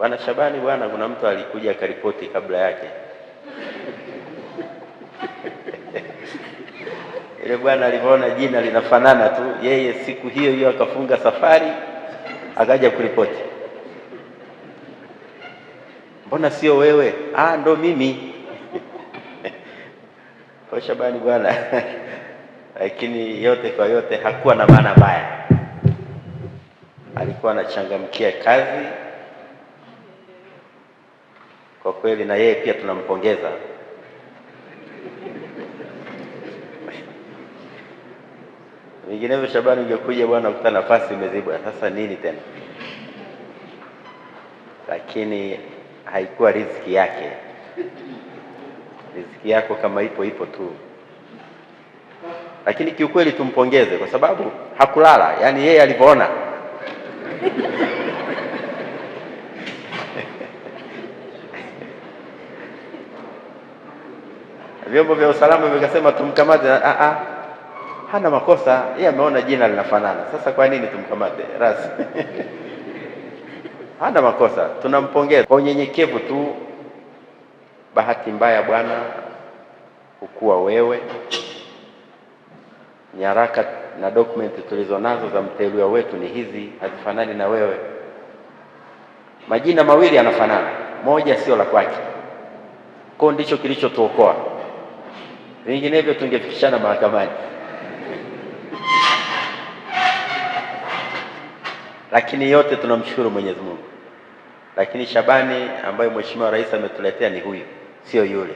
Bwana Shabani, bwana kuna mtu alikuja akaripoti kabla yake ile bwana alivyoona jina linafanana tu, yeye siku hiyo hiyo akafunga safari akaja kuripoti. Mbona sio wewe? Ah, ndo mimi kwa Shabani bwana lakini yote kwa yote hakuwa na maana mbaya, alikuwa anachangamkia kazi kwa kweli na yeye pia tunampongeza. Vinginevyo Shabani, ungekuja bwana, ukuta nafasi imezibwa, sasa nini tena? Lakini haikuwa riziki yake. Riziki yako kama ipo ipo tu, lakini kiukweli tumpongeze kwa sababu hakulala, yaani yeye alivyoona vyombo vya usalama vikasema tumkamate, a ah, a, ah, ah. hana makosa yeye, ameona jina linafanana. Sasa kwa nini tumkamate rasmi? hana makosa, tunampongeza kwa unyenyekevu tu. Bahati mbaya bwana, hukuwa wewe. Nyaraka na dokumenti tulizo nazo za mteuliwa wetu ni hizi, hazifanani na wewe. Majina mawili yanafanana, moja sio la kwake. kwa ndicho kilichotuokoa vinginevyo tungefikishana mahakamani. Lakini yote tunamshukuru Mwenyezi Mungu. Lakini Shabani ambayo Mheshimiwa Rais ametuletea ni huyu, sio yule.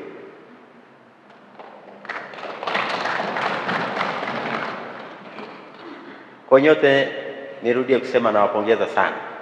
Kwa nyote nirudie kusema nawapongeza sana.